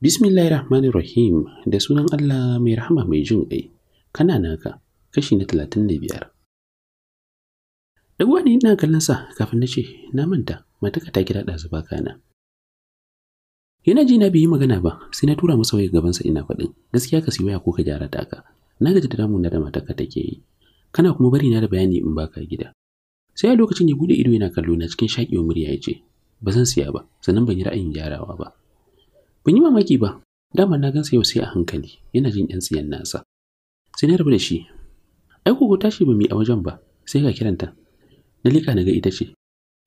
Bismillahir Rahmanir Rahim da sunan Allah mai rahama mai jin ƙai, kana naka, kashi na talatin da biyar. Ɗaguwa ina kallon sa kafin na ce, na manta, mataka ta kira ɗazu ba kana. Yana ji na bi yi magana ba, sai na tura masa waya gabansa ina faɗin, gaskiya ka siyo ya ko ka gyara taka, na gaji da damu na da mataka take yi, kana kuma bari na da bayani in baka gida. sai a lokacin ya bude ido yana kallo na cikin shaƙewar murya ya ce ba zan siya ba sannan ban yi ra'ayin gyarawa ba ban yi mamaki ba dama na gansa yau sai a hankali yana jin yan tsiyan nasa sai na rabu da shi ai ko tashi ba mu yi a wajen ba sai ga kiranta na lika na ga ita ce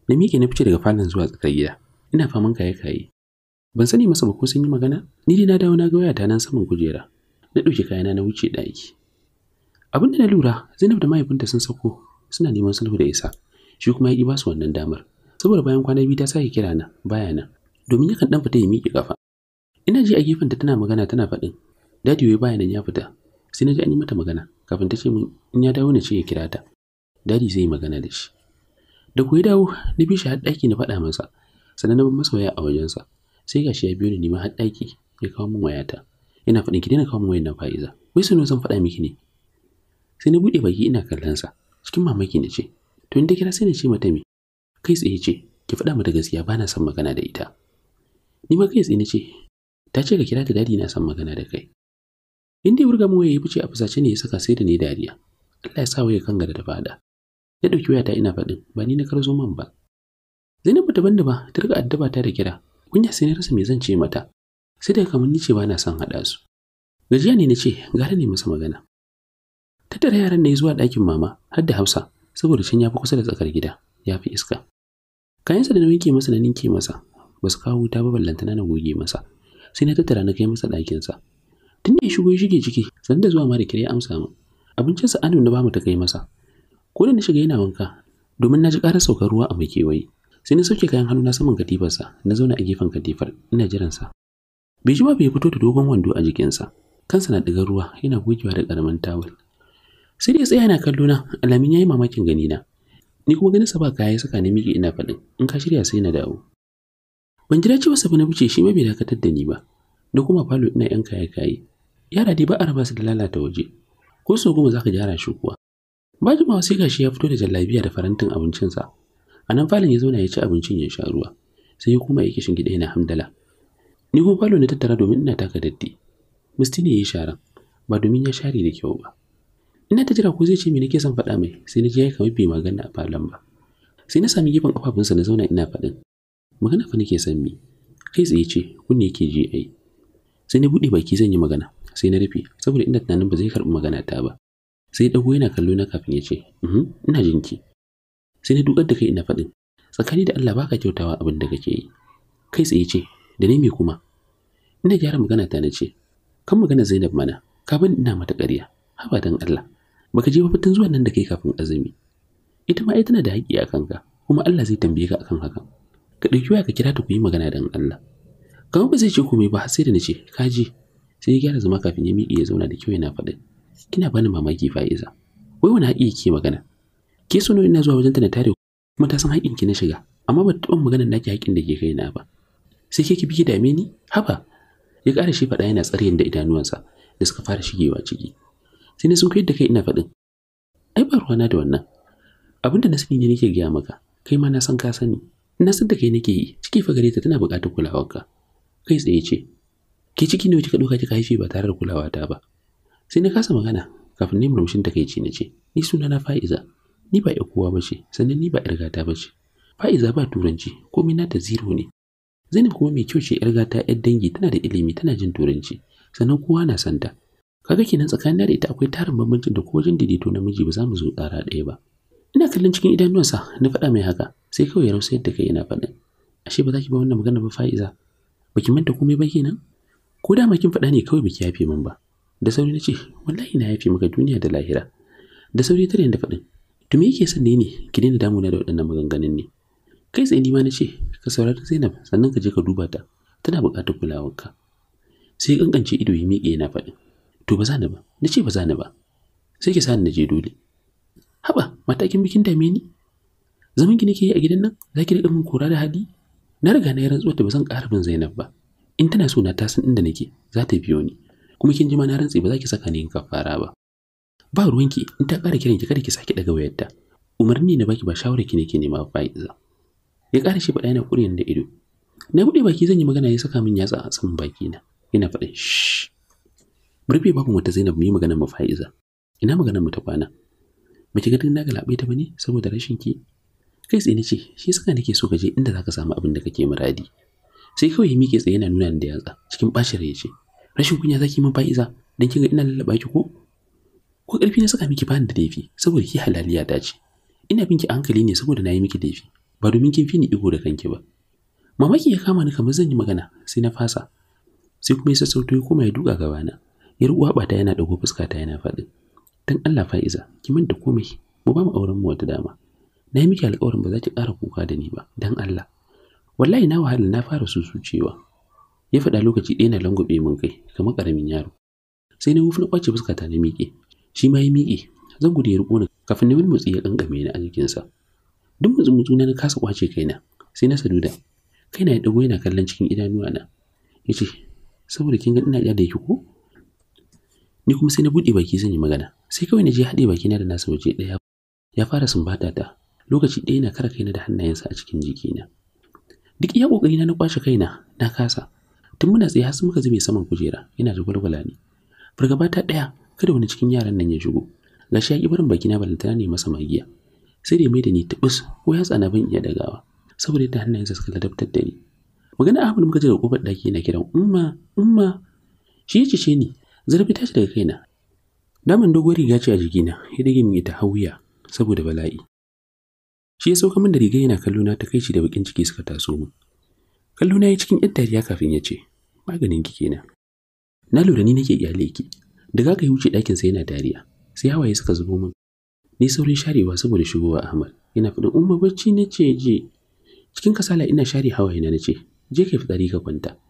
na miƙe na fice daga falon zuwa tsakar gida ina faman kaye kaye ban sani masa ba ko sun yi magana ni dai na dawo na ga wayata nan saman kujera na ɗauki kayana na wuce ɗaki abin da na lura zainab da mahaifinta sun sauko suna neman sulhu da isa shi kuma ya ba su wannan damar saboda bayan kwana biyu ta sake kira na baya nan domin yakan dan fita ya miƙe kafa ina ji a gefen ta tana magana tana faɗin dadi wai baya nan ya fita sai na ji an yi mata magana kafin ta ce min in ya dawo na ce ya kira ta dadi zai yi magana da shi da ku ya dawo na bi shi har ɗaki na faɗa masa sannan na bar masa waya a wajensa sai gashi ya biyo ni neman har ɗaki ya kawo min wayata ina faɗin ki daina kawo min wayan nan fa'iza wai sunu zan faɗa miki ne sai na buɗe baki ina kallon sa cikin mamaki na ce to inda kira sai na ce mata me kai tsaye ce ki faɗa mata gaskiya ba na son magana da ita ni ma kai tsaye na ce ta ce ka kira ta dadi na son magana da kai inda ya burga mu ya fice a fusace ne ya saka sai da ni dariya Allah ya sa waya kan gada da fada na dauki wayata ina faɗin ba ni na karzo man ba Zainabu ta banda ba ta riga addaba ta da kira kunya sai na rasa me zan ce mata sai da kamar ni ce ba na son haɗa su gajiya ne na ce gara ne masa magana tattara yaran ne zuwa ɗakin mama har da hausa saboda can ya fi kusa da tsakar gida ya fi iska kayansa da na ke masa na ninke masa ba su kawo wuta ba ballantana na goge masa sai na tattara na kai masa ɗakinsa tun da ya shigo ya shige ciki san da zuwa ma da ya amsa mu. abincinsa anu na bamu ta kai masa ko da na shiga yana wanka domin na ji ƙara saukar ruwa a mai kewaye sai na sauke kayan hannu na saman katifarsa na zauna a gefen katifar ina jiransa bai ji ba bai fito da dogon wando a jikinsa kansa na ɗigar ruwa yana gogewa da ƙaramin tawul sai dai ya tsaya yana kallo na alamin yayi mamakin gani na ni kuma ganin sa ba kaya saka ni miki ina faɗin in ka shirya sai na dawo ban jira cewa sabu na wuce shi ma bai dakatar da ni ba da kuma falo ina yan kaya kayi yara dai ba a raba su da lalata waje ko so goma zaka gyara shi kuwa ba jimawa sai gashi ya fito da jallabiya da farantin abincinsa a nan falon ya zauna ya ci abincin ya sha ruwa sai ya koma ya kishin gida yana hamdala ni kuma falo na tattara domin ina taka datti mustini ya yi sharan ba domin ya share da kyau ba ina ta jira ko zai ce me nake son faɗa mai sai na ya ya kamar bai magana a falon ba sai na sami gefen kafafunsa na zauna ina faɗin magana fa nake son mi kai tsaye ce kunne yake ji ai sai na buɗe baki zan yi magana sai na rufe saboda ina tunanin ba zai karɓi magana ta ba sai dago yana kallo na kafin ya ce uhm, ina ki sai na dukar da kai ina faɗin tsakani da Allah baka kyautawa abin da kake yi kai tsaye ce da ne me kuma ina gyara magana ta na ce kan magana Zainab mana ka ina mata ƙarya haba dan Allah baka je ba zuwan nan da kai kafin azumi ita ma ai tana da haƙƙi a ka kuma Allah zai tambaye ka akan haka ka ɗauki waya ka kira ta ku yi magana dan Allah kamar ba zai ce komai ba sai da nace ka je. sai ya gyara zama kafin ya miƙe ya zauna da kyau yana faɗi. kina bani mamaki fa'iza wai wani haƙƙi ke magana ke suno ina zuwa wajen ta na tare kuma ta san haƙƙin ki na shiga amma ba ta maganar naki haƙƙin da ke kaina ba sai ke ki biki dame ni haba ya ƙara shi faɗa yana tsare da idanuwansa da suka fara shigewa ciki sai na sun koyar da kai ina faɗin ai ba ruwana da wannan abin da na sani ne nake gaya maka kai ma na san ka sani Ina san da kai nake yi ciki fa gare ta tana buƙatar kulawarka kai tsaye ce ke ciki ne ka ɗauka kika haife ba tare da kulawa ta ba sai na kasa magana kafin ne murmushin ta kai ce na ce ni suna na fa'iza ni ba ƴar kowa ba ce, sannan ni ba ƴar gata ba ce. fa'iza ba turanci komai na nata zero ne Zainab kuma mai kyau ce ƴar gata 'yar dangi tana da ilimi tana jin turanci sannan kowa na santa kaga kenan tsakanin da ita akwai tarin bambancin da ko wajen daidaito namiji ba za mu zo tsara ɗaya ba ina kallon cikin idanuwansa na faɗa mai haka sai kawai ya rausa yadda kai yana faɗin ashe ba za ki ba wannan magana ba fa'iza ba ki manta komai ba kenan ko da ma kin faɗa ne kawai ba ki yafe min ba da sauri na ce wallahi na yafe maka duniya da lahira da sauri tare da faɗin to me yake son ne ne ki daina damuna da waɗannan maganganun ne kai tsaye ni ma na ce ka saurari Zainab sannan ka je ka duba ta tana buƙatar kulawarka sai kankance ido ya miƙe yana faɗin to ba za ni ba na ce ba za ni ba sai ki sani na je dole haba matakin bikin dame ni zaman ki nake yi a gidan nan za ki riƙa min kora da hadi na riga na yi rantsuwar da ba zan ƙara bin Zainab ba in tana so na ta san inda nake za ta biyo ni kuma kin ji ma na rantse ba za ki saka ni yin kafara ba ba ruwan ki, in ta ƙara kiran ki kada ki sake daga wayarta umarni na baki ba shawarar ki nake nema fa'iza ya ƙara shi faɗa yana kuryan da ido na buɗe baki zan yi magana ya saka min yatsa a saman baki na yana faɗin shh Murfi babu mu ta Zainab mu yi maganar mu Fa'iza. Ina maganar mu ta kwana? Ba ki ga din na galabe ta bane saboda rashin ki? Kai tsaye ce, shi saka nake so ka je inda ka samu abin da kake muradi. Sai kawai ya mike tsaye yana nuna ni da yatsa, cikin bacin rai ce. Rashin kunya za zaki min Fa'iza, dan kin ga ina lallaba ki ko? Ko ƙarfi na saka miki bani da laifi saboda ki halaliya ta ce. Ina bin ki hankali ne saboda na yi miki laifi, ba domin kin fi ni iko da kanki ba. Mamaki ya kama ni kamar zan yi magana sai na fasa. Sai kuma ya sassauto ya koma ya duka gabana. uwa bata ta yana dago fuska ta yana faɗi dan Allah Fa'iza ki manta komai mu ba mu auren mu wata dama na yi miki alƙawarin ba za ki ƙara kuka da ni ba dan Allah wallahi na wahala na fara susucewa ya faɗa lokaci ɗaya na langwabe min kai kamar ƙaramin yaro sai na wufi na ƙwace fuska ta na miƙe shi ma ya miƙe zan gudu ya riƙo ni kafin na wani motsi ya ƙanƙame ni a jikinsa duk motsi na kasa ƙwace kaina sai na saduda Kai na ya ɗago yana kallon cikin idanuwa na ya ce saboda kin ga ina da ki ko ni kuma sai na bude baki zan yi magana sai kawai na je hade baki na da nasa waje daya ya fara sumbata ta lokaci ɗaya na kara kaina da hannayensa a cikin jikina duk iya kokari na na kwashe kaina na kasa tun muna tsaye har muka zube saman kujera ina da gwalgwala ne fargaba ta ɗaya kada wani cikin yaran nan ya shigo gashi ya ki barin baki na balantana ne masa magiya sai da mai da ni tabus ko ya tsana ban iya dagawa saboda yadda hannayensa suka ladabtar da ni magana Ahmad muka ji da kofar ɗaki yana kiran umma umma shi ya cice ni zarafi tashi daga kaina daman doguwar riga ce a jikina ya dage min ita hauya saboda bala'i shi ya sauka min da riga yana kallo ta kai shi da bakin ciki suka taso min kalluna ya cikin yadda dariya kafin ya ce maganin ki kenan na lura ni nake iyale ki da za ka yi wuce ɗakin sa yana dariya sai hawaye suka zubo min ni saurin sharewa saboda shigowa Ahmad yana faɗin umma bacci na ce je cikin kasala ina share hawaye na ce, je ka fitsari ka kwanta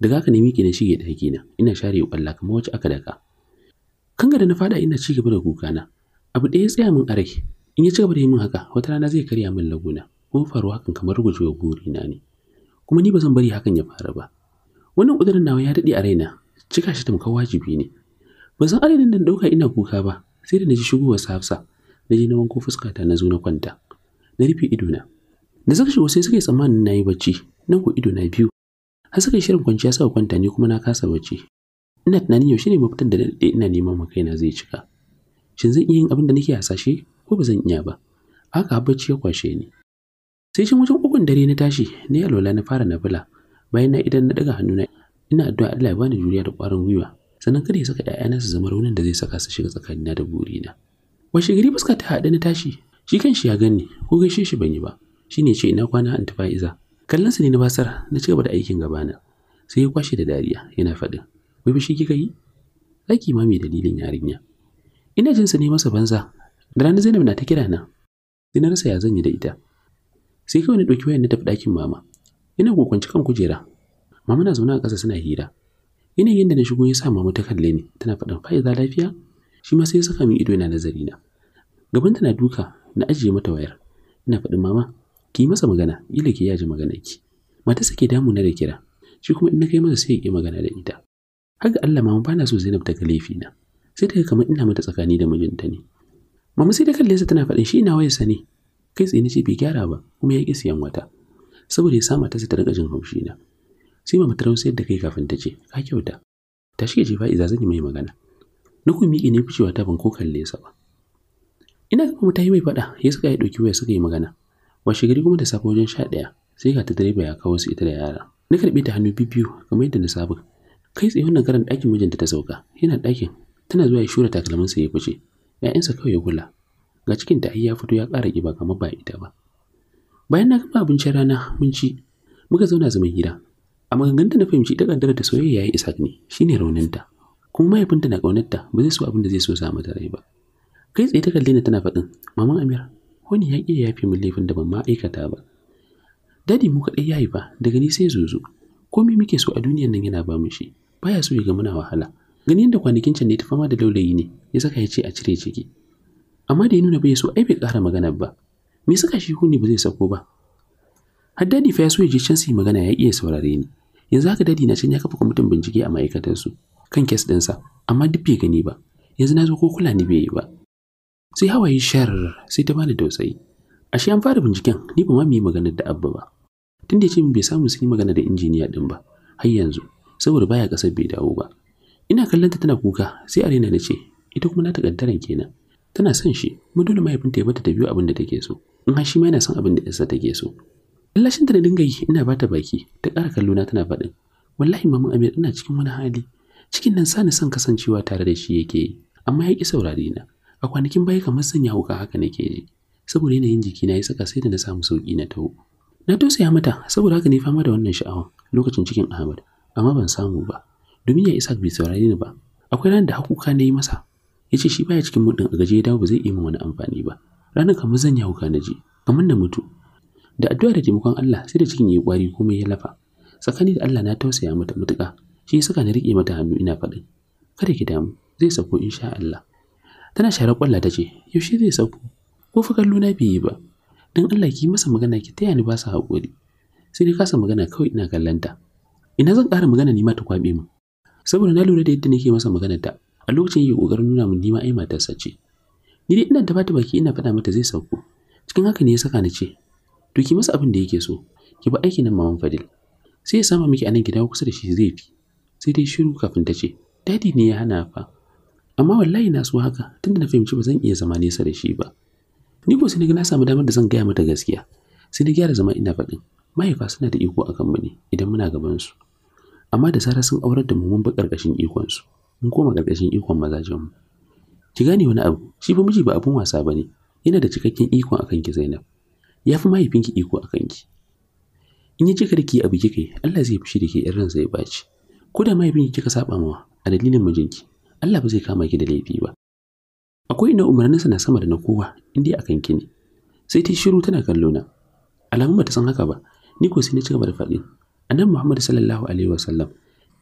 daga haka ne miƙe na shige ɗaki na ina share ƙwalla kamar wacce aka daka ga da na fada ina ci gaba da kuka na abu ɗaya ya tsaya min a rai in ya ci gaba da yi min haka wata rana zai karya min laguna kuma faruwa hakan kamar rugujewa guri na ne kuma ni ba zan bari hakan ya faru ba wannan ƙudurin nawa ya daɗe a raina cika shi tamkar wajibi ne ba san adadin dan ɗauka ina kuka ba sai da na ji shigowar hafsa na je na wanko fuskata na zo na kwanta na rufe idona da suka shigo sai suka yi tsammanin na yi bacci nan ko ido na biyu har suka yi shirin kwanciya suka kwanta ni kuma na kasa bacci ina tunanin yaushe ne mafitar da daɗe ina neman ma kaina zai cika shin zan iya yin abin da nake hasashe ko ba zan iya ba haka bacci ya kwashe ni sai shin wajen ukun dare na tashi na yi alwala na fara nafila bayan na idan na daga hannuna ina addu'a Allah ya bani juriya da ƙwarin gwiwa sannan kada ya saka ƴaƴana su zama raunin da zai saka su shiga tsakanina da burina washe gari fuska ta haɗe na tashi shi kan shi ya gani ko gaishe shi ban yi ba shine ce ina kwana an tafa iza kallon sa ne na basar na cigaba da aikin gabana sai ya kwashe da dariya yana faɗin wai bishi kika yi aiki ma mai dalilin yarinya ina jin sa ne masa banza da ranar Zainab na ta kira na sai na rasa ya zan yi da ita sai kawai na ɗauki wayar na tafi ɗakin mama ina kokonci kan kujera mama na zauna a ƙasa suna hira yin da na shigo ya sa mama ta kalle ni tana faɗin fa'iza lafiya shi ma sai ya saka min ido yana nazari na gaban na duka na ajiye mata wayar ina faɗin mama ki masa magana kila ki yaji magana ki mata ke damu na da kira shi kuma in na kai masa sai ki magana da ita har ga Allah mama bana so Zainab ta ga laifi na sai ta kamar ina mata tsakani da mijinta ne mama sai da kalle sa tana faɗin shi ina wayar sa ne kai tsaye ce bai gyara ba kuma ya ki siyan wata saboda ya sa ta rika jin haushi na sai mama ta rausayar da kai kafin ta ce ka kyauta ta shige jefa iza zan yi mai magana na kuma miƙe ne ficewa ta ban ko kalle sa ba ina ga kuma ta mai faɗa ya suka yi ɗauki waya suka yi magana washe gari kuma da safe wajen sha ɗaya sai ga ta direba ya kawo su ita da yara na karɓe ta hannu biyu kamar yadda na saba kai tsaye wannan karan ɗakin mijinta ta sauka yana ɗakin tana zuwa ya shura takalminsa ya fice ‘ya'yansa kawai ya kula ga cikin ta ya fito ya ƙara ƙiba kamar ba ita ba bayan na gama abincin rana mun ci muka zauna zaman gida a da na fahimci ita kaddara da soyayya ya isa ne shine rauninta kuma mahaifinta na ƙaunarta ba zai so abin da zai so sa mata rai ba kai tsaye ta kalle ni tana faɗin maman amira wani ya ya fi min laifin da ban ma ba dadi mu kaɗai ya yi ba daga ni sai zozo komai muke so a duniyar nan yana ba mu shi ya so ya ga muna wahala Gani yadda kwanakin can ne ta fama da laulayi ne ya saka ya ce a cire ciki amma da ya nuna bai so ai bai ƙara magana ba me suka shi ne ba zai sako ba har dadi fa ya so ya je can su yi magana ya iya saurare ni yanzu haka dadi na can ya kafa kwamitin bincike a ma'aikatarsu kan kes ɗinsa amma duk bai gani ba yanzu na zo ko kula ni bai yi ba sai hawaye shar sai ta bani tausayi ashe an fara binciken ni ba ma mu yi maganar da abba ba tunda ya ce bai samu sun yi magana da injiniya din ba har yanzu saboda baya kasar bai dawo ba ina kallonta tana kuka sai arena na ce ita kuma na takaddaran kenan tana son shi mu dole mahaifinta ya bata ta biyu abin da take so in har shi ma yana son abin da yasa take so ta da na dinga yi ina bata baki ta ƙara kallo na tana faɗin wallahi mamu amir ina cikin wani hali cikin nan sani son kasancewa tare da shi yake yi amma ya ƙi saurare na a kwanakin baya kamar sanya hauka haka ke ji saboda yanayin jiki na ya saka sai da na samu sauki na taho na tausaya mata saboda haka ne fama da wannan sha'awa lokacin cikin Ahmad amma ban samu ba domin ya isa bai saurari ni ba akwai ranar da hakuka na yi masa ya ce shi baya cikin mudin a gaje ya dawo ba zai iya wani amfani ba ranar kamar zan yi hauka na ji kamar na mutu da addu'a da taimakon Allah sai da cikin yayi kwari komai ya lafa tsakani da Allah na tausaya mata mutuka shi ya saka na rike mata hannu ina faɗin kada ki damu zai sako insha Allah tana share kwalla ta ce yaushe zai sauko ko fa kallo na bai yi ba dan Allah ki masa magana ki taya ni ba sa hakuri sai dai kasa magana kawai ina kallanta ina zan ƙara magana ni ma ta kwabe mu? saboda na lura da yadda nake masa magana ta a lokacin yake kokarin nuna min nima ma ai matarsa ce ni dai ina ta bata baki ina faɗa mata zai sauko cikin haka ne ya saka ni ce to ki masa abin da yake so ki ba aikin nan maman Fadil sai ya sama miki anan ki dawo kusa da shi zai fi sai dai shiru kafin ta ce dadi ne ya hana fa amma wallahi na so haka tunda na fahimci ba zan iya zama nesa da shi ba ni ko sai na samu damar da zan gaya mata gaskiya sai na gyara zama ina faɗin mahaifa suna da iko akan mu ne idan muna gaban su amma da zarar sun aurar da mu mun bi karkashin ikon su mun koma karkashin ikon mazajen mu ki gane wani abu shi fa miji ba abun wasa bane yana da cikakken iko akan ki Zainab ya fi mahaifinki iko akan ki in ya cika da ki abu yi Allah zai fushi da ke in ransa ya baci ko da mahaifin kika saba mawa a dalilin mijinki Allah ba zai kama ki da laifi ba akwai ina umarninsa na sama da na kowa in dai akan ki ne sai ta shiru tana kallo na alamun bata san haka ba ni ko sai na ci gaba da faɗi anan Muhammad sallallahu alaihi wasallam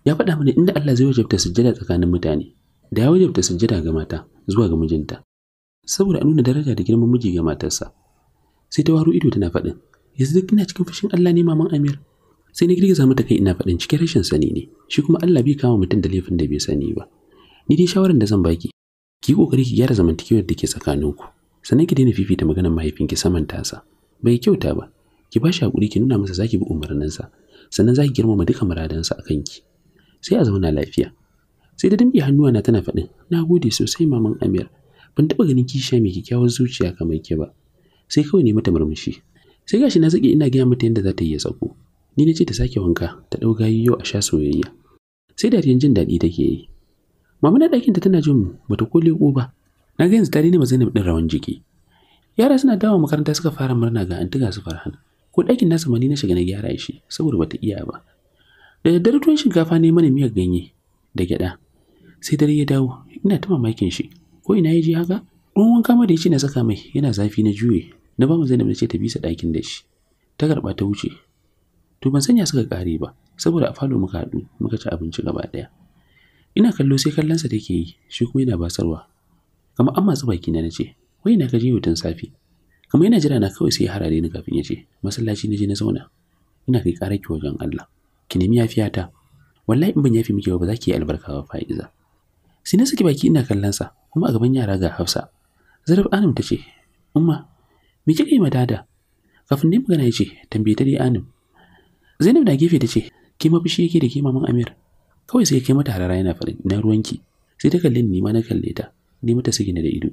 ya faɗa mana inda Allah zai wajabta sujjada tsakanin mutane da ya wajabta sujjada ga mata zuwa ga mijinta saboda a nuna daraja da girman miji ga matarsa sai ta waro ido tana faɗin yanzu duk ina cikin fushin Allah ne maman Amir sai na girgiza mata kai ina faɗin cikin rashin sani ne shi kuma Allah bai kama mutum da laifin da bai sani ba ni dai shawaran da zan baki ki kokari ki gyara zamantakewar da ke tsakaninku sannan ki daina fifita maganar mahaifinki saman tasa bai kyauta ba ki ba shi hakuri ki nuna masa zaki bi umarninsa sannan zaki girmama duka muradansa akan ki. sai a zauna lafiya sai da dimbi hannuwa na tana faɗin na gode sosai maman amir ban taɓa ganin kisha mai kyakkyawar zuciya kamar ki ba sai kawai ne mata murmushi sai gashi na zaki ina gaya mata yadda za ta yi ya tsako ni na ce ta sake wanka ta ɗau gayiyo a sha soyayya sai dariyan jin daɗi take yi Mama na ɗakin ta tana jin mu bata ko leƙo ba. Na ga yanzu ta daina Zainab ɗin rawan jiki. Yara suna dawo makaranta suka fara murna ga anti ga Farhan. Ko ɗakin nasa mani na shiga na gyara shi saboda bata iya ba. Da daddare tuwon shinkafa ne mana miyar ganye da gyaɗa. Sai dare ya dawo ina ta mamakin shi. Ko ina ya je haka? Ɗan wanka ma da ya ce na saka mai yana zafi na juye. Na ba mu Zainab na ce ta bisa ɗakin da shi. Ta karɓa ta wuce. To ban sanya suka ƙare ba saboda a falo muka haɗu muka ci abinci gaba ɗaya. ina kallo sai kallonsa take yi shi kuma yana basarwa kamar an matsa baki na ce, wai na kaje hutun safi kamar yana jira na kawai sai ya harare ni kafin ya ce masallaci na je na zauna ina kai karar ki wajen Allah ki nemi yafiya ta wallahi in ban yafi miki ba za ki yi albarka ba fa'iza sai na saki baki ina kallon kuma a gaban yara ga Hafsa Zarif anum ta ce umma me kika yi madada kafin dai magana ya ce tambaye ta dai anum Zainab na gefe ta ce ki mafishi yake da ke maman Amir kawai sai kai mata harara yana faɗin ina ruwanki sai ta kalle ni ma na kalle ta ni mata ne da ido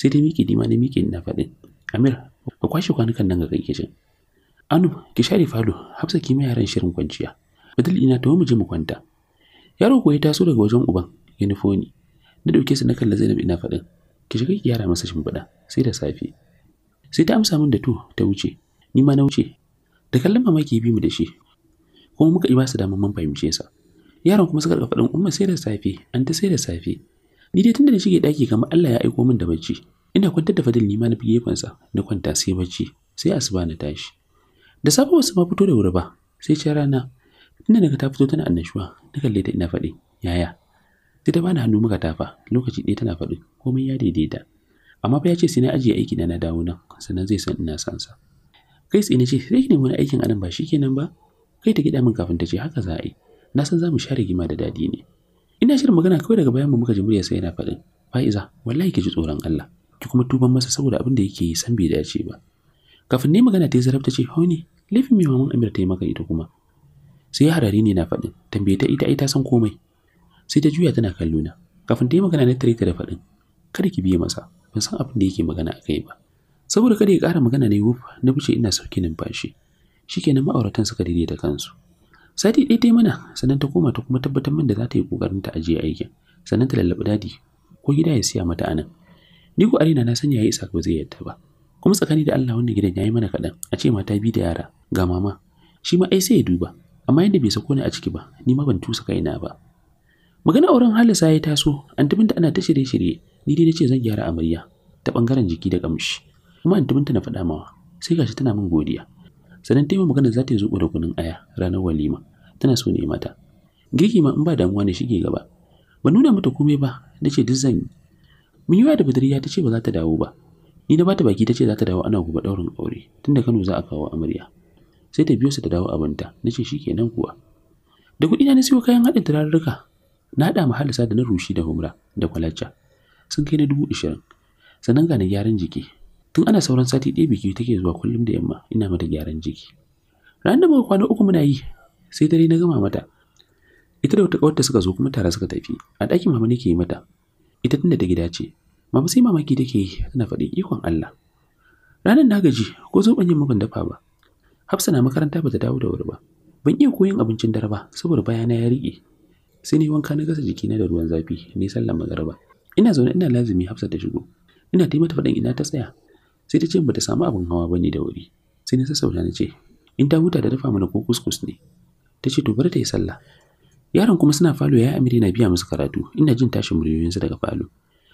sai ta miƙe ni ma na miƙe faɗin Amir ka kwashe kwanukan nan ga kai kicin Anu ki share falo Hafsa ki mai yaran shirin kwanciya Badal ina ta mu je mu kwanta Yaro ko ta so daga wajen uban yunifoni na dauke su na kalla Zainab ina faɗin ki shiga ki yara masa shimfiɗa sai da safe sai ta amsa min da to ta wuce ni ma na wuce da kallon mamaki bi mu da shi kuma muka yi ba su damar mun fahimce sa Yaron kuma suka faɗin umma sai da safe an ta sai da safe ni dai tunda na shige daki kamar Allah ya aiko min da bacci ina kwantar da fadil nima na bi fansa na kwanta sai bacci sai asuba na tashi da safe wasu ma fito da wuri ba sai ce rana tunda naga ta fito tana annashuwa na kalle ta ina faɗi yaya sai ta bani hannu muka tafa lokaci ɗaya tana faɗi komai ya daidaita amma fa ya ce sai na ajiye aiki na na dawo nan sannan zai san ina san sa kai tsaye na ce sai ki nemi wani aikin anan ba shi kenan ba kai ta gida min kafin ta ce haka za a yi na san za mu share gima da dadi ne ina shirin magana kawai daga bayan mu muka ji sai yana faɗin fa'iza wallahi ki ji tsoron Allah ki kuma tuban masa saboda abin da yake yi san bai dace ba kafin ne magana ta yi zarabta ce ne? laifin mai maman Amir ta yi maka ita kuma sai harari ne na faɗin tambaye ta ita ai ta san komai sai ta juya tana kallo na kafin ta yi magana na tare ta da faɗin kada ki biye masa ban san abin da yake magana a kai ba saboda kada ya ƙara magana ne wuf na fice ina sauki numfashi shikenan ma'auratan suka daidaita kansu sati ɗaya ta mana sannan ta koma ta kuma tabbatar min da za ta yi kokarin ta ajiye aikin sannan ta lallabi dadi ko gida ya siya mata anan ni ko arina na sanya ya isa ba zai yadda ba kuma tsakani da Allah wannan gidan yayi mana kaɗan a ce mata bi da yara ga mama shi ma ai sai ya duba amma yadda bai sako ni a ciki ba ni ma ban tusa kaina ba magana auren halisa ya taso an tabinta ana ta shirye-shirye ni dai nace zan gyara amarya ta bangaren jiki da kamshi kuma an na faɗa mawa sai gashi tana min godiya sannan taimaka magana za ta yi zuɓo da kunun aya ranar walima tana so ne mata girki ma in ba damuwa ne shige gaba ba nuna mata komai ba na ce duk zan yi mun yi waya da budurya ta ce ba za ta dawo ba ni na bata baki ta ce za ta dawo ana gobe ɗaurin aure tunda Kano za a kawo amarya sai ta biyo su ta dawo abinta na ce shi kenan kuwa da kuɗi na na siyo kayan haɗin turarruka na haɗa mahalisa da na rushi da humra da kwalacca sun kai na dubu ashirin. sannan ga na gyaran jiki tun ana sauran sati ɗaya biki take zuwa kullum da yamma ina mata gyaran jiki ranar da muka kwana uku muna yi sai dare na gama mata ita da wata kawarta suka zo kuma tare suka tafi a ɗakin mama nake yi mata ita tunda ta gida ce mama sai mamaki take yi tana faɗin ikon Allah ranar na gaji ko zoben yamma ban dafa ba Hafsa na makaranta bata dawo da wuri ba ban iya koyon abincin dare ba saboda bayana ya riƙe sai ni wanka na gasa jikina da ruwan zafi ne sallar magarba ina zaune ina lazumi Hafsa ta shigo ina taimata faɗin ina ta tsaya sai ta ce bata samu abin hawa ba bane da wuri sai na sassauta na ce in ta huta da dafa mana ko kuskus ne ta ce to bar ta yi sallah yaron kuma suna falo ya amiri na biya musu karatu ina jin tashin muryoyinsu daga falo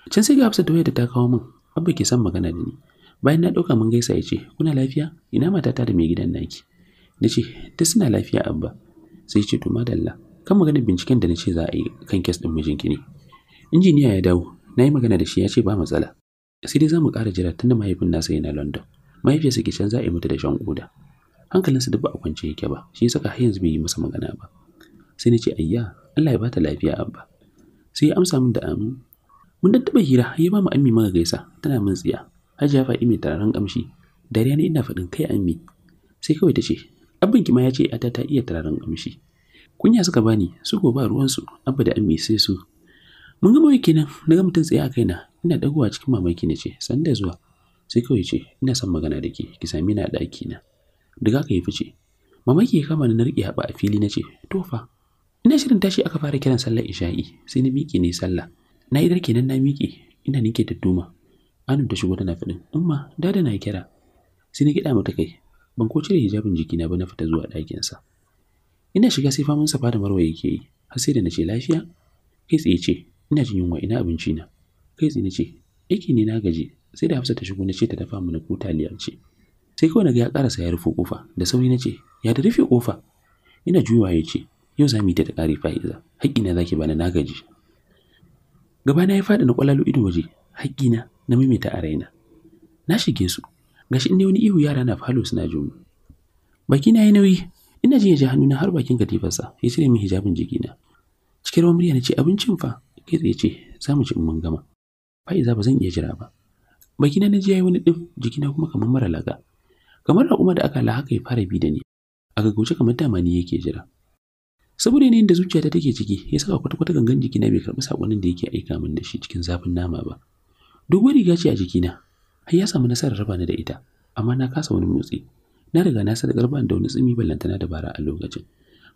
can sai ga hafsa da wayar ta kawo min abba ke san magana da ni bayan na ɗauka mun gaisa ya ce kuna lafiya ina matata da mai gidan naki na ce ta suna lafiya abba sai ce to madalla kan magana binciken da na ce za a yi kan kes ɗin mijinki ne injiniya ya dawo na yi magana da shi ya ce ba matsala sai dai za mu ƙara jira tunda mahaifin nasa yana london mahaifiyarsa ke can za a yi mata da shan koda hankalinsa duk ba a kwance yake ba shi saka har yanzu bai yi masa magana ba sai na ce ayya Allah ya bata lafiya abba sai ya amsa min da amin mun taɓa hira har ya ba mu ammi maka gaisa tana min tsiya hajiya faɗi mai tararen kamshi dariya ne ina faɗin kai ammi sai kawai ta ce abin ki ma ya ce ata ta iya tararen kamshi kunya suka bani su ko ba ruwansu abba da ammi sai su mun ga yake kenan na ga mutum tsaye a kaina ina dagowa cikin mamaki na ce san da zuwa sai kawai ce ina son magana da ke ki sami na daki na daga ka yi fice mamaki ya kama ni na riƙe haɓa a fili na ce to fa ina shirin tashi aka fara kiran sallar isha'i sai na miƙe ne sallah na idar kenan na miƙe ina nike ta duma anum ta shigo tana faɗin umma dada na kira sai na kiɗa mata kai ban ko cire hijabin jikina ba na fita zuwa ɗakinsa ina shiga sai faman safa da marwa ke yi har sai da na ce lafiya kai tsaye ce ina jin yunwa ina abinci na kai tsaye ce. aiki ne na gaji sai da Hafsa ta shigo nace ta dafa mana ko taliya ce sai kawai naga ya karasa ya rufe kofa da sauri ce. ya da rufe kofa ina juyawa ce. yau za mu yi ta ta kare fa'iza haƙƙi na zaki bana na gaji gaba na ya faɗi na kwalalo ido waje haƙƙi na na maimaita a raina na shige su gashi in inda wani ihu yara na falo suna jin baki na yi nauyi ina ji ya ji hannuna har bakin katifarsa ya cire min hijabin jikina cikin ruwan murya na ce abincin fa kai ya ce za mu ci in mun gama fa'iza ba zan iya jira ba bakina na ji yi wani din jikina kuma kamar mara laga kamar da umar da aka la haka ya fara bi da ni a gaggauce kamar dama ni yake jira saboda yanayin da zuciyata take ciki ya saka kwata-kwata gangan jikina bai karɓi saƙonin da yake aika min da shi cikin zafin nama ba doguwar riga ce a jikina har ya samu nasarar raba ni da ita amma na kasa wani motsi na riga na da ban da wani tsumi ballantana dabara a lokacin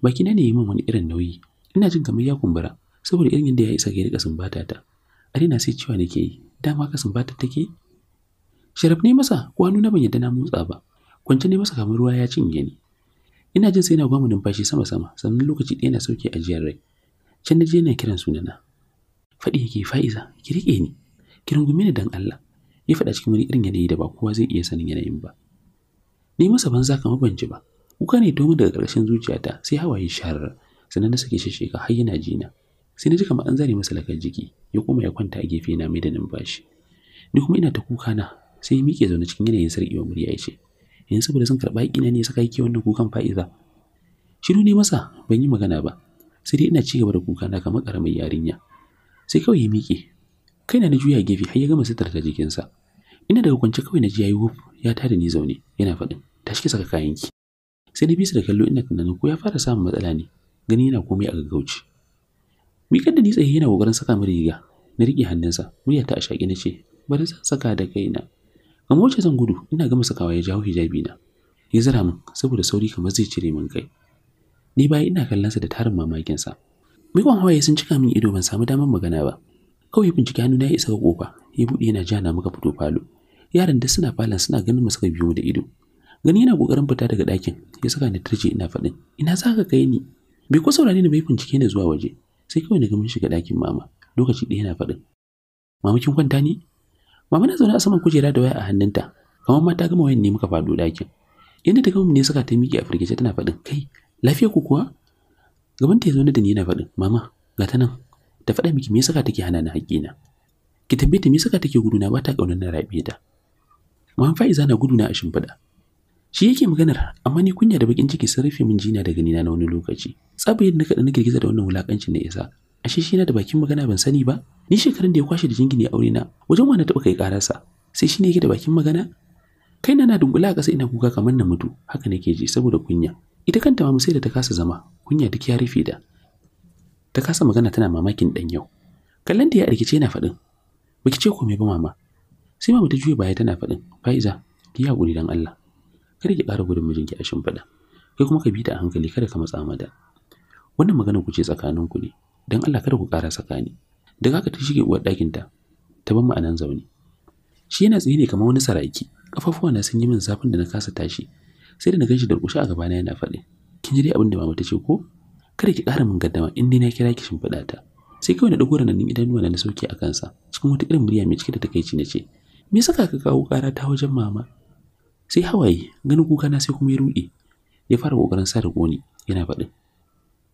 bakina ne yi min wani irin nauyi ina jin kamar ya kumbura saboda irin yadda ya isa ga rika sumbata ta arina sai cewa nake yi dama ka sumbata take sharaf ne masa ko nuna na ban yadda na motsa ba kwance ne masa kamar ruwa ya cinye ni ina jin sai na gwamu numfashi sama sama sannan lokaci ɗaya na sauke ajiyar rai can naje na kiran sunana faɗi yake fa'iza ki riƙe ni ki rungume ni dan Allah ya faɗa cikin wani irin yanayi da ba kowa zai iya sanin yanayin ba ni masa banza kamar ban ji ba kuka ne domin daga ƙarshen zuciyata sai hawaye sharar sannan na sake shisheka har yana jina sai na ji kamar an zare masa lakar jiki ya koma ya kwanta a gefe na mai da numfashi ni kuma ina ta kuka na sai mike zaune cikin yanayin sarki wa murya ya ce yanzu saboda sun karɓa na ne saka yake wannan kukan fa'iza shiru ne masa ban yi magana ba sai dai ina ci gaba da kuka na kamar ƙaramin yarinya sai kawai ya mike kai na juya gefe har ya gama sitar ta jikinsa ina daga kwance kawai na ji yayi wuf ya tada ni zaune yana faɗin tashi ki saka kayan ki. sai na bisa da kallo ina tunanin ko ya fara samun matsala ne gani yana komai a gaggauci Mikar da ni yana ƙoƙarin saka min riga na riƙe hannunsa murya ta a na ce bari zan saka da kaina amma wacce zan gudu ina gama sakawa ya jawo hijabi na ya zira min saboda sauri kamar zai cire min kai ni baya ina kallon sa da tarin mamakin sa miƙon hawaye sun cika min ido ban samu damar magana ba kawai bincike hannu na isa ga kofa ya buɗe yana na muka fito falo yaran da suna falon suna ganin mu suka biyo da ido gani yana kokarin fita daga ɗakin ya saka ni turje ina faɗin ina za ka kai ni bai ko saurare ni bai bincike ni zuwa waje sai kawai na ga mun shiga ɗakin mama lokaci ɗaya na faɗin mama kin kwanta ne mama na zaune a saman kujera da waya a hannunta kamar mata gama wayan ne muka faɗo ɗakin inda ta gama ne suka ta miƙe a firgice tana faɗin kai lafiya ku kuwa gaban ta ya zaune da ni yana faɗin mama ga ta nan ta faɗa miki me saka take hana ni haƙƙina ki tambaye ta me saka take guduna ba ta ƙaunar na rabe ta mama fa'iza na guduna a shimfiɗa shi yake maganar amma ni kunya da bakin ciki sun rufe min jina da nina na wani lokaci tsaba yadda kaɗa na girgiza da wannan wulakancin na isa ashe shi na da bakin magana ban sani ba ni shekarun da ya kwashe da jingine aure na wajen wani taɓa kai ƙararsa sai shi ne yake da bakin magana kai na na dunkula a ƙasa ina kuka kamar na mutu haka nake ji saboda kunya ita kanta ma sai da ta kasa zama kunya duk ya rufe da ta kasa magana tana mamakin dan yau kallon da ya rikice yana faɗin baki ce komai ba mama sai mama ta juya baya tana faɗin fa'iza ki haƙuri dan Allah kada ki ƙara gudun mijinki a shimfiɗa kai kuma ka bi ta a hankali kada ka matsa mata wannan magana ku ce tsakaninku ne don Allah kada ku ƙara tsakani da haka ta shige uwar ɗakinta ta ban ma'anan zaune shi yana tsaye ne kamar wani saraki kafafuwa na sun yi min zafin da na kasa tashi sai da na ganshi da kushe a gabana yana faɗi kin ji dai abin da mama ta ce ko kada ki ƙara min gaddama in dai na kira ki shimfiɗa ta sai kawai na ɗago ranar idanuwa na na sauke a kansa cikin wata irin murya mai cike da takaici na ce me saka ka kawo ƙara ta wajen mama sai hawaye ganin kuka na sai kuma ya ruɗe ya fara kokarin sa da ƙoni yana faɗin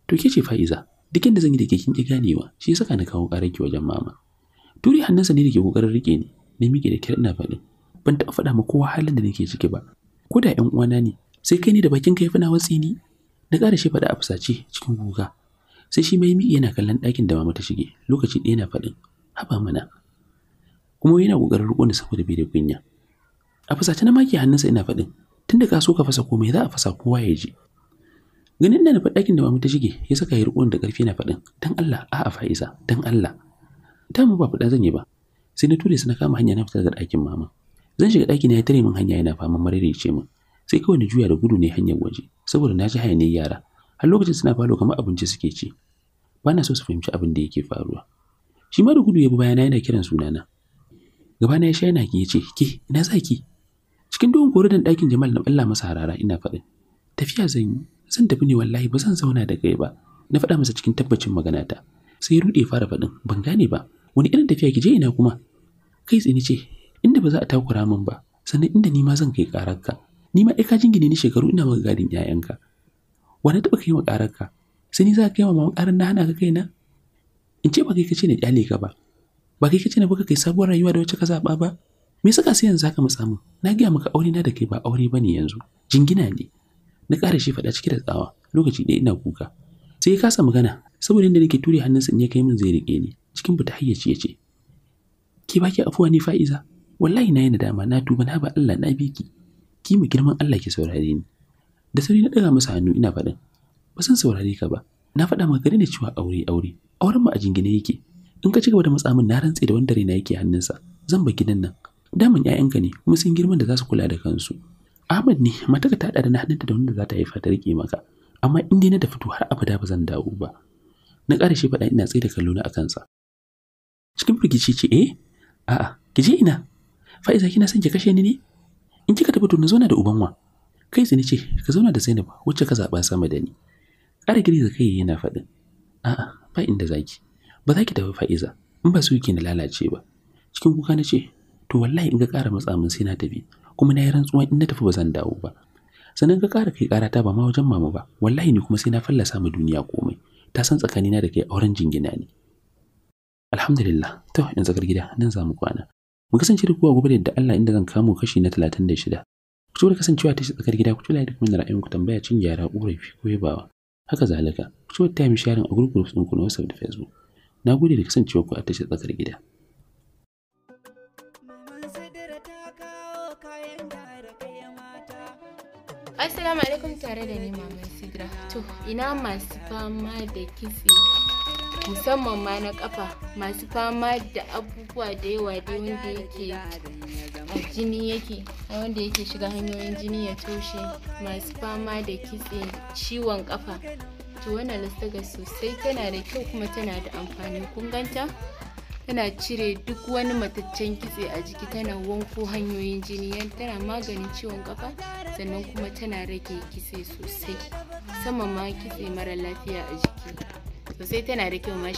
to ke ce fa'iza duk da zan yi da ke kin ki ganewa shi ya saka na kawo ki wajen mama turi hannunsa ne da ke kokarin rike ni na miƙe da kyar ina faɗin ban taɓa faɗa ma kowa halin da nake ciki ba ko da ƴan uwana ne sai kai ne da bakin ka fina watsi ni na ƙara shi faɗa a fusace cikin kuka sai shi mai miƙe yana kallon ɗakin da mama ta shige lokaci ɗaya na faɗin haba mana kuma yana kokarin riƙo ni saboda bai da kunya a fusace na maki hannunsa ina faɗin tunda da kaso ka fasa komai za a fasa kowa ya ji ganin da na faɗa ɗakin da mamu ta shige ya saka ya riƙon da ƙarfi na faɗin dan Allah a'a fa'iza dan Allah ta mu ba faɗa zan yi ba sai na ture su na kama hanya na fita daga ɗakin mama zan shiga ɗaki na ya tare min hanya yana fama ya ce min sai kawai na juya da gudu ne hanyar waje saboda na ji hayaniyar yara har lokacin suna falo kamar abinci suke ci ba na so su fahimci abin da yake faruwa shi ma da gudu ya bi bayana yana kiran sunana gabana ya sha yana ki ya ce ke ina za cikin duhun koridon ɗakin jamal na Allah masa harara ina faɗin tafiya zan yi zan tafi ne wallahi ba zan zauna da kai ba na faɗa masa cikin tabbacin maganata sai ruɗe fara faɗin ban gane ba wani irin tafiya ki je ina kuma kai tsini ce inda ba za a takura min ba sannan inda ni ma zan kai kararka ni ma ka jingine ni shekaru ina maka gadin ƴaƴanka wani taɓa kai ma ƙararka? sai ni za ka kai ma maman na hana ka kaina in ce ba kai ka ce na ka ba ba kai ka ce na baka kai sabuwar rayuwa da wacce ka zaɓa ba me suka sai yanzu haka matsa min na gaya maka aure na da kai ba aure bane yanzu jingina ne na ƙara shi faɗa cike da tsawa lokaci ɗaya ina kuka sai ya kasa magana saboda inda nake ture hannunsa in ya kai min zai riƙe ni cikin buta hayyaci ya ce ki baki afuwa ni fa'iza wallahi na yi nadama na tuba na ba Allah na bi ki ki mu girman Allah ki saurare ni da sauri na daga masa hannu ina faɗin ba san saurare ka ba na faɗa maka gari da cewa aure aure auren mu a jingine yake in ka ci gaba da matsa min na rantse da wanda raina yake hannunsa zan ba gidan nan daman 'ya'yanka ne kuma sun girma da za su kula da kansu Ahmad ne ka ta da na hannunta da wanda za ta haifa ta rike maka amma in dai na da fito har abada ba zan dawo ba na ƙara shi faɗa ina tsaye da kallo na a kansa. cikin firgici ce eh a'a ki je ina fa'iza kina son ki kashe ni ne in kika tafi to na zauna da ubanwa kai tsini ce ka zauna da Zainab wacce ka zaɓa sama da ni ƙara girgiza kai yana faɗin a'a ba inda zaki ba za ki tafi fa'iza in ba su ke na lalace ba cikin kuka na ce to wallahi in ka kara matsa min sai na tafi kuma na yi rantsuwa in na tafi ba zan dawo ba sannan ka ƙara kai karata ba ma wajen mamu ba wallahi ni kuma sai na fallasa ma duniya komai ta san tsakanina da kai auren jingina ne alhamdulillah to in zakar gida nan za mu kwana mu kasance da kowa gobe da Allah inda zan kamo kashi na 36 ku tura kasancewa ta tsakar gida ku tura da kuma ra'ayin ku tambaya cin gyara ƙorafi ko yabawa haka zalika ku tura ta mi sharing a group groups ɗinku na WhatsApp da Facebook na gode da kasancewa ku a tashar tsakar gida Assalamu alaikum tare da ni Maman Sidra. To, ina masu fama da kitse musamman ma na kafa masu fama da abubuwa da yawa dai wanda yake a jini yake wanda yake shiga hanyoyin jini ya toshe masu fama da kitse ciwon kafa to wannan lissaga sosai tana da kyau kuma tana da amfani kunganta. tana cire duk wani mataccen kitse a jiki tana wanko hanyoyin jini tana maganin ciwon kafa sannan kuma tana rage kitse sosai sama ma kitse mara lafiya a jiki sosai tana da kyau